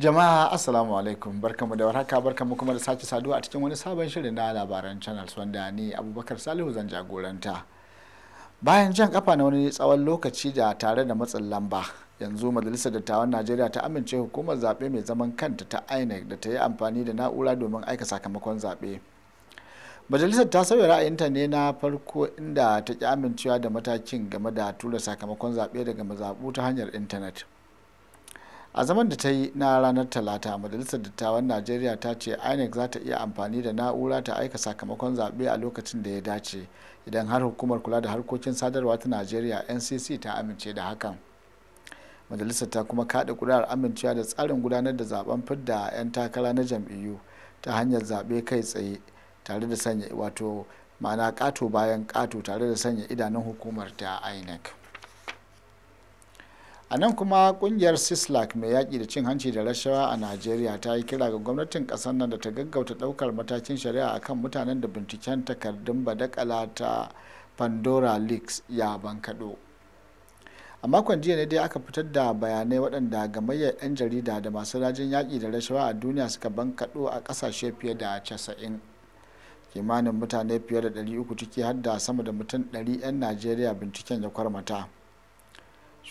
jama'a assalamu alaikum barkamu da warhaka barkamu kuma da sace saduwa a cikin wani sabon shirin na labaran channel wanda ni abubakar salihu zan jagoranta bayan jan kafa na wani tsawon lokaci da tare da matsin lamba yanzu majalisar dattawan najeriya ta amince hukumar zaɓe mai zaman kanta ta inec da ta yi amfani da na'ura domin aika sakamakon zaɓe majalisar ta sauya ra'ayinta ne na farko inda ta ki amincewa da matakin game da tura sakamakon zaɓe daga mazaɓu ta hanyar intanet a zaman da ta yi na ranar talata majalisar dattawan najeriya ta ce inec za ta iya amfani da na'ura ta aika sakamakon zaɓe a lokacin da ya dace idan har hukumar kula da harkokin sadarwa ta najeriya ncc ta amince da hakan majalisar ta kuma kaɗa ƙuri'ar amincewa da tsarin gudanar da zaben fidda 'yan takara na jam'iyyu ta hanyar zaɓe kai tsaye tare da sanya wato ma'ana ƙato bayan ƙato tare da sanya idanun hukumar ta inec a nan kuma kungiyar sislak mai yaƙi da cin hanci da rashawa a najeriya ta yi kira ga gwamnatin ƙasar nan da ta gaggauta ɗaukar matakin shari'a akan mutanen da binciken takardun badakala ta pandora leaks ya bankaɗo a makon jiya ne dai aka fitar da bayanai waɗanda gamayyar 'yan jarida da masu rajin yaƙi da rashawa a duniya suka bankaɗo a ƙasashe fiye da casa'in kimanin mutane fiye da 300 ciki har da sama da mutum 100 'yan najeriya binciken ya kwarmata.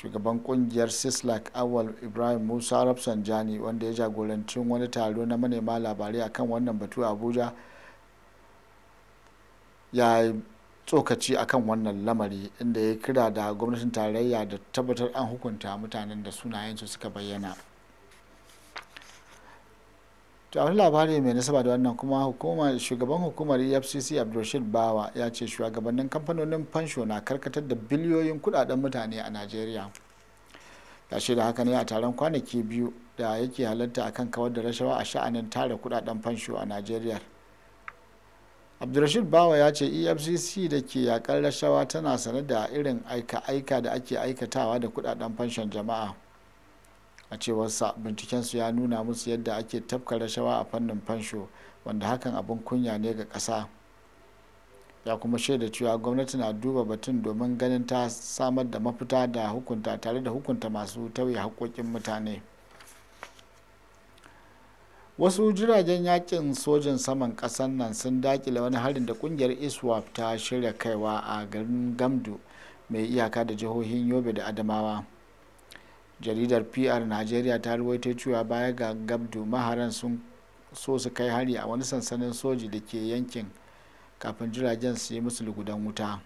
shugaban kungiyar sislak awal ibrahim musa jani wanda ya jagoranci wani taro na manema labarai akan wannan batu abuja ya tsokaci akan wannan lamari inda ya kira da gwamnatin tarayya da tabbatar an hukunta mutanen da sunayensu suka bayyana to a wani labari mai nasaba da wannan kuma shugaban hukumar efcc abdulrashid bawa ya ce shugabannin kamfanonin fansho na karkatar da biliyoyin kudaden mutane a nigeria. ya da haka ne a taron kwanaki biyu da yake halatta akan kawar da rashawa a sha'anin tara kudaden fansho a nigeria abdulrashid bawa ya ce efcc da ke yakar rashawa tana sanar da irin aika-aika da ake aikatawa da kudaden fanshon jama'a a cewar sa bincikensu ya nuna musu yadda ake tafka rashawa a fannin fansho wanda hakan abin kunya ne ga ƙasa ya kuma shaida cewa gwamnati na duba batun domin ganin ta samar da mafita da hukunta tare da hukunta masu tauye haƙoƙin mutane wasu jiragen yakin sojin saman ƙasar nan sun dakile wani harin da kungiyar iswap ta shirya kaiwa a garin gamdu mai iyaka da jihohin yobe da adamawa jaridar pr nigeria ta ruwaito cewa baya ga gabdo maharan sun so su kai hari a wani sansanin soji da ke yankin kafin jiragen su yi musu lugudan wuta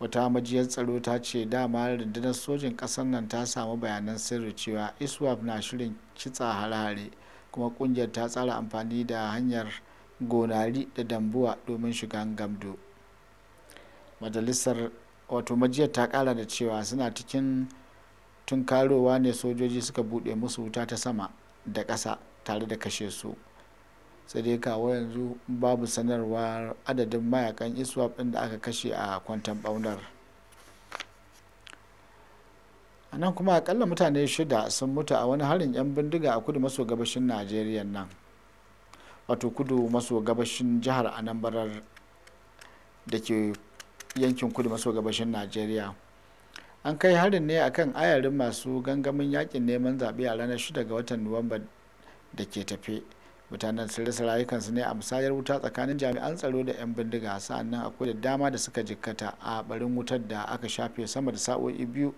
wata majiyar tsaro ta ce dama rundunar sojin ƙasar nan ta samu bayanan sirri cewa iswap na shirin kitsa hare-hare kuma kungiyar ta tsara amfani da hanyar gonari da dambuwa domin shiga gamdo majalisar wato majiyar ta kara da cewa suna cikin tun karowa ne sojoji suka buɗe musu wuta ta sama da ƙasa tare da kashe su sai dai kawo yanzu babu sanarwa adadin mayakan iswa ɗin da aka kashe a kwantan ɓaunar a nan kuma akalla mutane shida sun mutu a wani harin 'yan bindiga a kudu maso gabashin najeriya nan wato kudu maso gabashin jihar anambarar da ke yankin kudu maso gabashin najeriya an kai harin ne akan ayarin masu gangamin yakin neman zaɓe a ranar 6 ga watan nuwamba da ke tafe mutanen sun rayukansu ne a musayar wuta tsakanin jami'an tsaro da 'yan bindiga sa'annan akwai da dama da suka jikkata a barin wutar da aka shafe sama da sa'o'i biyu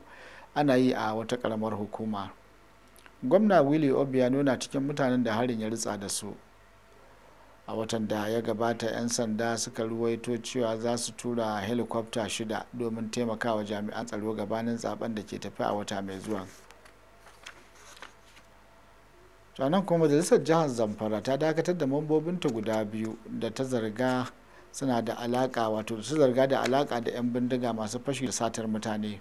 ana yi a wata karamar hukuma gwamna willie obi ya nuna cikin mutanen da harin ya ritsa da su a watan da ya gabata 'yan sanda suka ruwaito cewa za su tura helikwafta shida domin taimakawa jami'an tsaro gabanin zaben da ke tafi a wata mai zuwa nan kuma majalisar jihar zamfara ta dakatar da mambobinta guda biyu da ta zarga suna da alaka wato su zarga da alaka da 'yan bindiga masu fashi da satar mutane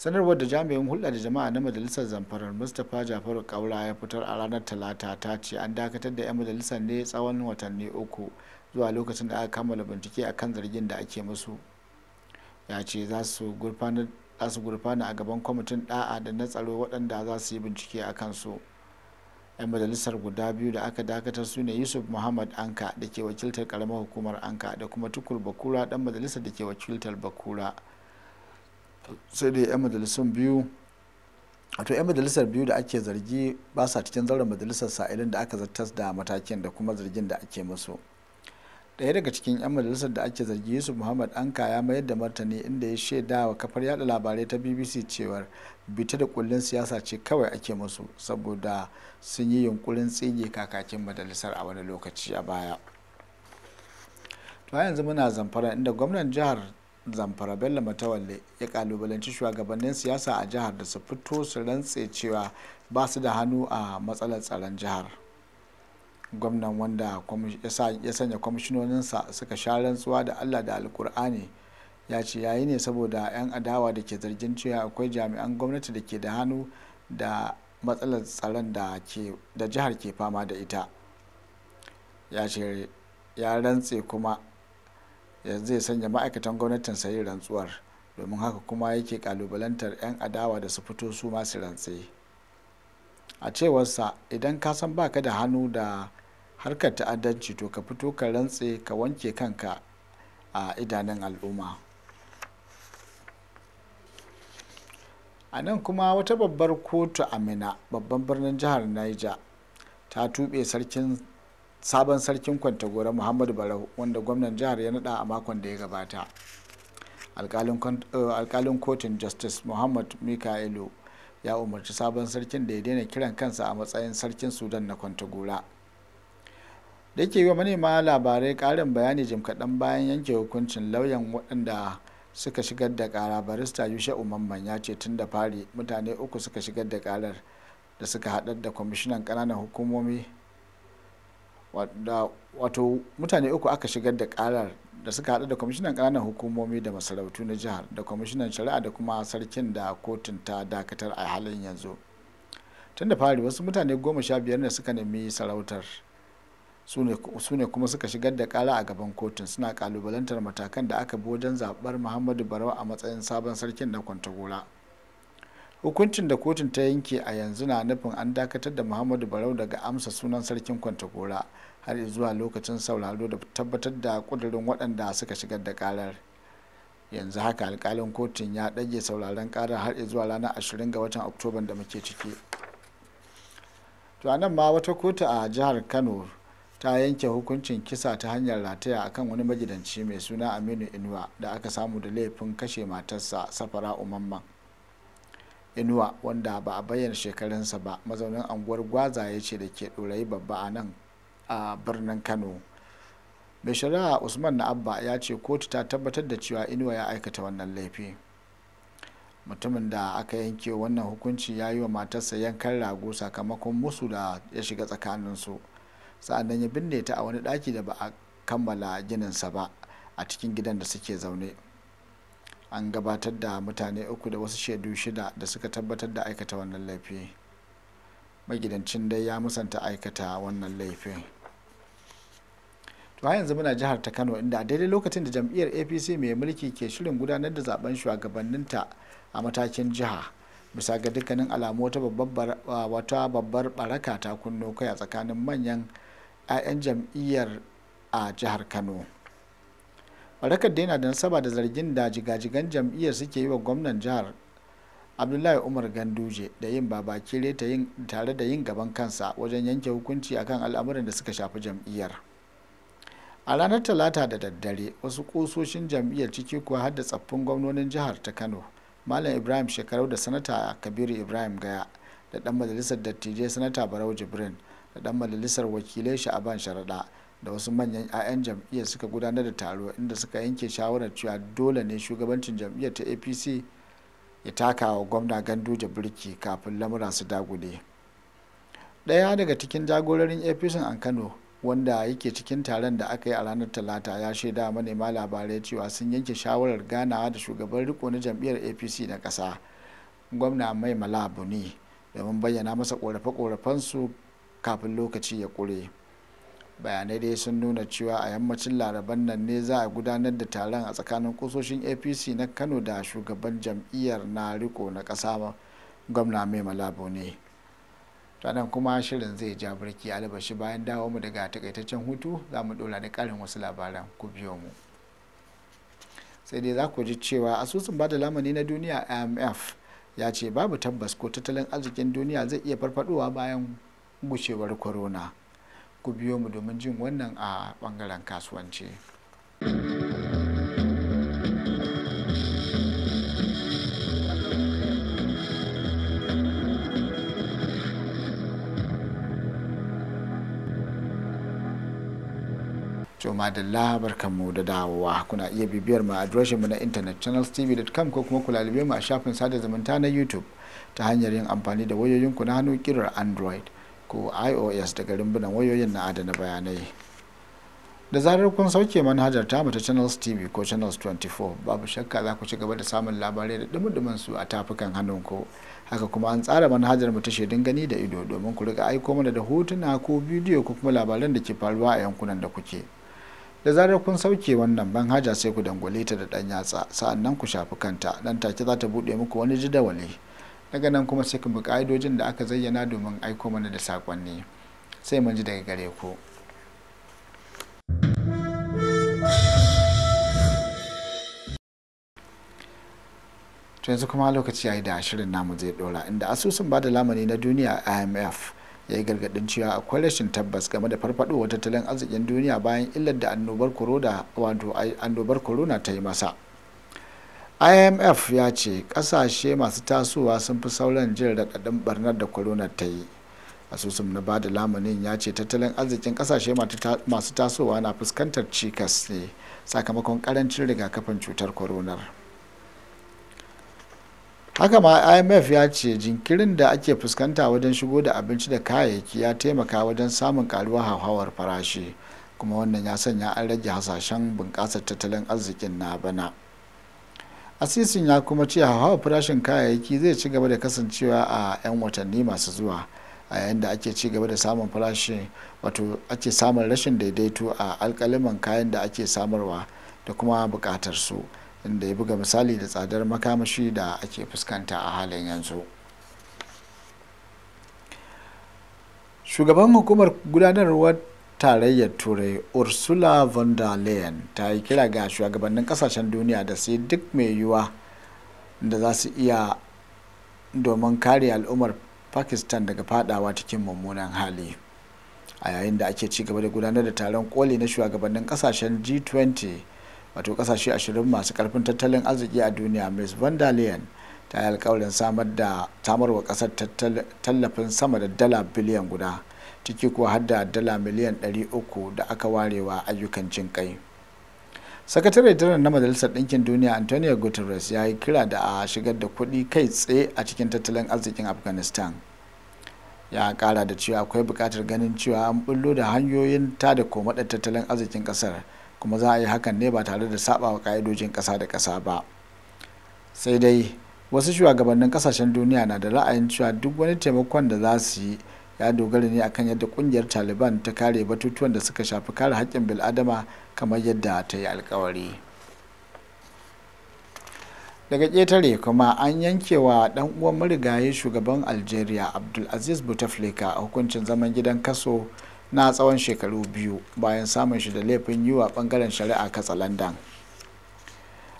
sanarwar da jami'in hulɗa da jama'a na majalisar zamfarar mustapha jafaru kaura ya fitar a ranar talata ta ce an dakatar da 'yan majalisar ne tsawon watanni uku zuwa lokacin da aka kammala bincike a kan zargin da ake musu ya ce za su gurfana a gaban kwamitin da'a da na tsaro waɗanda za su yi bincike a kansu 'yan majalisar guda biyu da aka dakatar su ne yusuf muhammad anka da ke wakiltar karamar hukumar anka da kuma tukur bakura ɗan majalisar da ke wakiltar bakura sai dai 'yan majalisun biyu wato 'yan majalisar biyu da ake zargi ba sa cikin zauren majalisar sa'ilin da aka zartas da matakin da kuma zargin da ake musu ɗaya daga cikin 'yan majalisar da ake zargi yusuf muhammad anka ya mayar da martani inda ya shaida wa kafar yada labarai ta bbc cewar bita da kullun siyasa ce kawai ake musu saboda sun yi yunkurin tsige kakakin majalisar a wani lokaci a baya to yanzu muna zamfara inda gwamnan jihar zamfara bello matawalle ya kalubalanci shugabannin siyasa a jihar da su fito su rantse cewa ba su da hannu a matsalar tsaron jihar gwamnan wanda ya sanya kwamishinoninsa suka sha rantsuwa da allah da alkur'ani ya ce yayi ne saboda 'yan adawa da ke zargin cewa akwai jami'an gwamnati da ke da hannu da matsalar tsaron da jihar ke fama da ita ya ce ya rantse kuma yanzu zai sanya ma'aikatan gwamnatin sayi rantsuwar domin haka kuma yake kalubalantar 'yan adawa da su fito su masu rantse a cewarsa idan ka san baka da hannu da harkar ta'addanci to ka fito ka rantse ka wanke kanka a idanun al'umma a nan kuma wata babbar kotu a mina babban birnin jihar niger ta tuɓe sarkin sabon sarkin kwantagora muhammadu barau wanda gwamnan jihar ya nada a makon da ya gabata alkalin eh, kotun justice muhammad mikaelu ya umarci sabon sarkin da ya daina kiran kansa a matsayin sarkin sudan na kwantagora da ke yi wa manema labarai karin bayani jim kaɗan bayan yanke hukuncin lauyan waɗanda suka shigar da kara barista yushe umarman ya ce tun da fari mutane uku suka shigar da karar da suka haɗar da kwamishinan ƙananan hukumomi wato mutane uku aka shigar da karar da suka hada da kwamishinan kananan hukumomi da masarautu na jihar da kwamishinan shari'a da kuma sarkin da kotun ta dakatar a halin yanzu tun da fari wasu mutane goma sha biyar ne suka nemi sarautar su ne kuma suka shigar da kara a gaban kotun suna kalubalantar matakan da aka bi wajen zabar muhammadu barau a matsayin sabon sarkin na kwantagora hukuncin da kotun ta yanke a yanzu na nufin an dakatar da muhammadu barau daga amsa sunan sarkin kwantagora har zuwa lokacin sauraro da tabbatar da kudurin waɗanda suka shigar da karar yanzu haka alkalin kotun ya ɗage sauraron karar har zuwa ranar ashirin ga watan oktoban da muke ciki to a nan ma wata kotu a jihar kano ta yanke hukuncin kisa ta hanyar rataya akan wani magidanci mai suna aminu inuwa da aka samu da laifin kashe matarsa safara umamman inuwa wanda ba a bayyana shekarunsa ba mazaunin anguwar gwaza ya ce da ke ɗorayi babba a nan a birnin kano mai shari'a usman na abba ya ce kotu ta tabbatar da cewa inuwa ya aikata wannan laifi mutumin da aka yanke wannan hukunci ya yi wa matarsa yankan rago sakamakon musu da ya shiga tsakaninsu sa'annan ya binne ta a wani ɗaki da ba a kammala gininsa ba a cikin gidan da suke zaune an gabatar da mutane uku da wasu shaidu shida da suka tabbatar da aikata wannan laifi magidancin dai ya musanta aikata wannan laifin to yanzu muna jihar ta kano inda a daidai lokacin da jam'iyyar apc mai mulki ke shirin gudanar da zaben shugabanninta a matakin jiha bisa ga dukkanin alamu wata babbar baraka ta kunno kai a tsakanin manyan 'ya'yan jam'iyyar a jihar kano barakar da yana da nasaba da zargin da jigajigan jam'iyyar suke yi wa gwamnan jihar abdullahi umar ganduje da yin yin tare da yin gaban kansa wajen yanke hukunci akan al'amuran da suka shafi jam'iyyar a ranar talata da daddare wasu kusoshin jam'iyyar ciki kuwa har da tsaffin gwamnonin jihar ta kano malam ibrahim shekarau da sanata kabiru ibrahim gaya da dan majalisar dattijai sanata barau jibrin da dan majalisar wakilai sha'aban sharaɗa da wasu manyan 'ya'yan jam'iyyar suka gudanar da taro inda suka yanke shawarar cewa dole ne shugabancin jam'iyyar ta apc ya taka wa gwamna da birki kafin lamura su dagule ɗaya daga cikin jagororin apc an kano wanda yake cikin taron da aka yi a ranar talata ya shaida manema labarai cewa sun yanke shawarar ganawa da shugaban riko na jam'iyyar apc na ƙasa gwamna mai malabu ne domin bayyana masa ƙorafe su kafin lokaci ya ƙure. bayanai dai sun nuna cewa a yammacin laraban nan ne za a gudanar da taron a tsakanin kusoshin apc na kano da shugaban jam'iyyar na riko na ƙasa gwamna mai malabo ne tanan kuma shirin zai ja birki albashi bayan dawo mu daga takaitaccen hutu za mu dora da karin wasu labaran ku biyo mu sai dai za ku ji cewa asusun bada lamani na duniya imf ya ce babu tabbas ko tattalin arzikin duniya zai iya farfadowa bayan gushewar corona. ku biyo mu domin jin wannan a bangaren kasuwanci. ma da labar kanmu da dawowa kuna iya bibiyar mu adireshin mu na intanet channelstv.com ko kuma ku kula mu a shafin sada zumunta na YouTube ta hanyar yin amfani da wayoyinku na hannun kirar Android. ko ios daga rumbunan wayoyin na adana bayanai da zarar kun sauke manhajar tamu ta channels tv ko channels 24 babu shakka za ku ci gaba da samun labarai da dumudumin su a tafukan hannun ku haka kuma an tsara manhajar mu ta shaidun gani da ido domin ku riga aiko mana da hotuna ko bidiyo ko kuma labaran da ke faruwa a yankunan da kuke da zarar kun sauke wannan manhaja sai ku dangwale ta da dan yatsa sa'annan ku shafi kanta dan take za ta buɗe muku wani jidawali daga nan kuma sai ka bi ka'idojin da aka zayyana domin aiko mana da sakonni sai mun ji daga gare ku to yanzu kuma lokaci ya yi da shirin namu zai dora inda asusun ba da lamani na duniya imf ya yi gargadin cewa akwai rashin tabbas game da farfadowar tattalin arzikin duniya bayan illar da annobar corona ta yi masa imf ya ce kasashe masu tasowa sun fi sauran jin raɗaɗin barnar da corona ta yi asusun na bada lamunin ya ce tattalin arzikin kasashe masu tasowa na fuskantar cikas ne sakamakon karancin rigakafin cutar coronar haka ma imf ya ce jinkirin da ake fuskanta wajen shigo da abinci da kayayyaki ya taimaka wajen samun karuwar hauhawar farashi kuma wannan ya sanya an rage hasashen bunƙasar tattalin arzikin na bana. asisin ya kuma ce hawa farashin kayayyaki zai ci gaba da kasancewa a 'yan watanni masu zuwa a yayin da ake ci gaba da samun farashin wato ake samun rashin daidaito a alkaliman kayan da ake samarwa da kuma bukatar su inda ya buga misali da tsadar makamashi da ake fuskanta a halin yanzu shugaban hukumar gudanarwa. tarayyar turai ursula von der leyen ta yi kira ga shugabannin kasashen duniya da sai duk mai yiwuwa da za su iya domin kare al'ummar pakistan daga fadawa cikin mummunan hali a yayin da ake ci gaba da gudanar da taron koli na shugabannin kasashen g20 wato kasashe 20 masu karfin tattalin arziki a duniya ms von der leyen ta yi alkawarin samar da samarwa kasar tallafin sama da dala biliyan guda ciki ko har da dala miliyan 300 da aka warewa ayyukan jin kai sakatare jiran na majalisar ɗinkin duniya antonio guterres ya yi kira da a shigar da kuɗi kai tsaye a cikin tattalin arzikin afghanistan ya kara da cewa akwai buƙatar ganin cewa an bullo da hanyoyin ta da komaɗar tattalin arzikin ƙasar kuma za a yi hakan ne ba tare da saɓawa ƙa'idojin ƙasa da ƙasa ba sai dai wasu shugabannin ƙasashen duniya na da ra'ayin cewa duk wani taimakon da za su yi ya dogara ne akan yadda kungiyar taliban ta kare batutuwan da suka shafi kare haƙƙin bil'adama kamar yadda ta yi alkawari daga ƙetare kuma an yankewa ɗan uwan marigayi shugaban algeria abdulaziz bouteflika a hukuncin zaman gidan kaso na tsawon shekaru biyu bayan samun shi da laifin yi wa ɓangaren shari'a landan.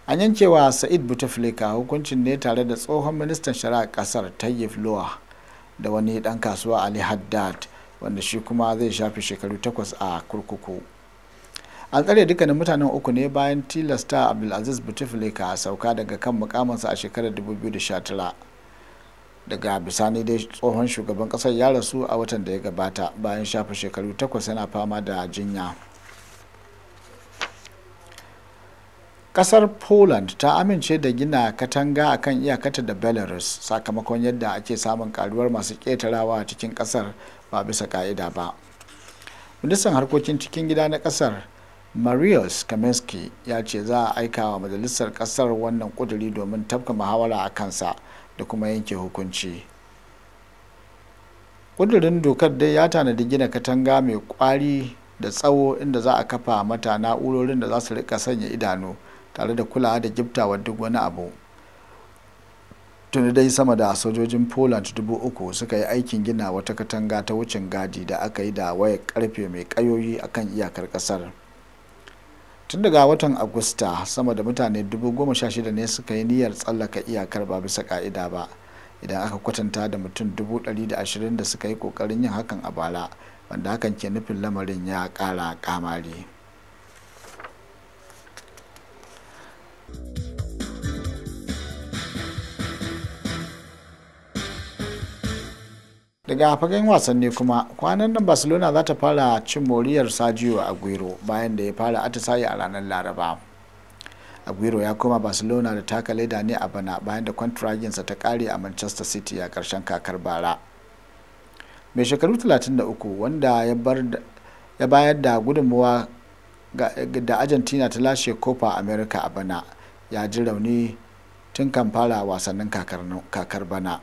an yankewa sa'id bouteflika hukuncin ne tare da tsohon ministan shari'a ƙasar tayyif lowa da wani dan kasuwa ali haddad wanda shi kuma zai shafi shekaru takwas a kurkuku an tsare dukkanin mutanen uku ne bayan tilasta abdulaziz bouteflika sauka daga kan mukamansa a shekarar 2019 daga bisani dai tsohon shugaban kasar ya rasu a watan da ya gabata bayan shafi shekaru takwas yana fama da jinya kasar poland ta amince da gina katanga a kan iyakata da belarus sakamakon yadda ake samun karuwar masu ketarawa a cikin kasar ba bisa ka'ida ba ministan harkokin cikin gida na kasar marius kaminski ya ce za a aika wa majalisar kasar wannan kuduri domin tafka muhawara a kansa da kuma yanke hukunci kudurin dokar dai ya tanadi gina katanga mai kwari da tsawo inda za a kafa mata na'urorin da za su rika sanya idanu tare da kulawa da giftawa duk wani abu tuni dai sama da sojojin poland dubu uku suka yi aikin gina wata katanga ta wucin gadi da aka yi da waya karfe mai kayoyi akan iyakar kasar tun daga watan agusta sama da mutane dubu shida ne suka yi niyyar tsallaka iyakar ba bisa ka'ida ba idan aka kwatanta da mutum dubu ɗari da ashirin da suka yi kokarin yin hakan a bara wanda hakan ke nufin lamarin ya kara kamari. daga fagen wasanni kuma kwanan nan barcelona za ta fara cin moriyar sajiyo aguero bayan da ya fara atisaye a ranar laraba aguero ya koma barcelona da taka leda ne a bana bayan da kwantiraginsa ta kare a manchester city a karshen kakar bara mai shekaru 33 wanda ya bayar da gudunmawa da argentina ta lashe kofa america a bana ya ji rauni tun kan fara wasannin kakar bana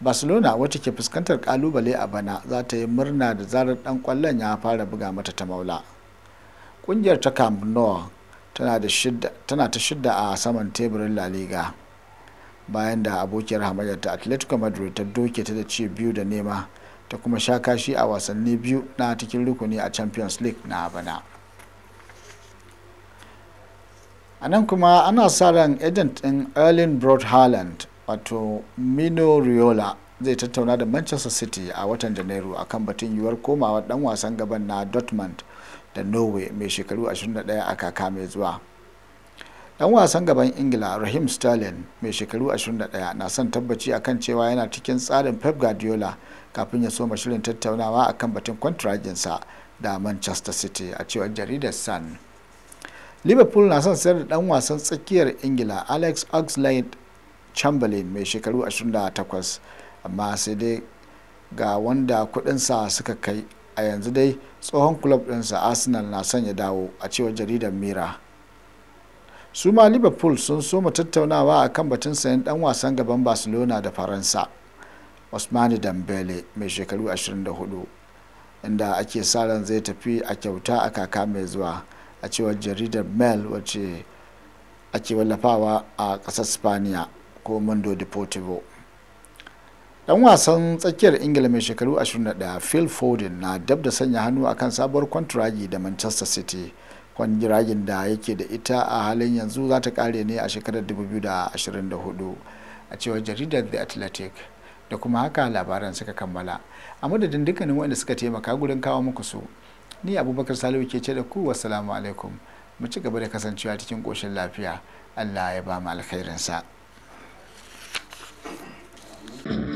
barcelona wacce ke fuskantar kalubale a bana za ta yi murna da zarar dan kwallon ya fara buga mata ta maula kungiyar ta camp nou tana ta shidda a saman teburin la liga bayan da abokiyar hamayyar ta atletico madrid ta doke ta da ci biyu da nema ta kuma sha kashi a wasanni biyu na cikin rukuni a champions league na bana a nan kuma ana sa ran ejent din erling broad wato mino riola zai tattauna da manchester city a watan janairu akan batun yiwuwar komawa dan wasan gaban na dortmund da norway mai shekaru 21 a kaka mai zuwa dan wasan gaban ingila rahim sterling mai shekaru 21 na son tabbaci akan cewa yana cikin tsarin pep guardiola kafin ya soma shirin tattaunawa akan batun kwantirajinsa da manchester city a cewar jaridar sun liverpool na son sayar da dan wasan tsakiyar ingila alex oxlade chamberlain mai shekaru 28 amma sai dai ga wanda kudinsa suka kai a yanzu dai tsohon club ɗinsa arsenal na sanya dawo a cewar jaridar mira su ma liverpool sun soma tattaunawa a kan batun sayan dan wasan gaban barcelona da faransa osmani dambele mai shekaru 24 inda ake sa ran zai tafi a kyauta a kaka mai zuwa a cewar jaridar mail wacce ake wallafawa a ƙasar spaniya ko deportivo dan wasan tsakiyar ingila mai shekaru 21 phil foden na dab da sanya hannu akan sabuwar kwantiragi da manchester city kwantiragin da yake da ita a halin yanzu za ta kare ne a shekarar 2024 a cewar jaridar the athletic da kuma haka labaran suka kammala a madadin dukkanin wanda suka taimaka gurin kawo muku su ni abubakar salihu ke ce da ku wassalamu alaikum mu ci gaba da kasancewa cikin koshin lafiya allah ya ba mu alkhairinsa Thank you.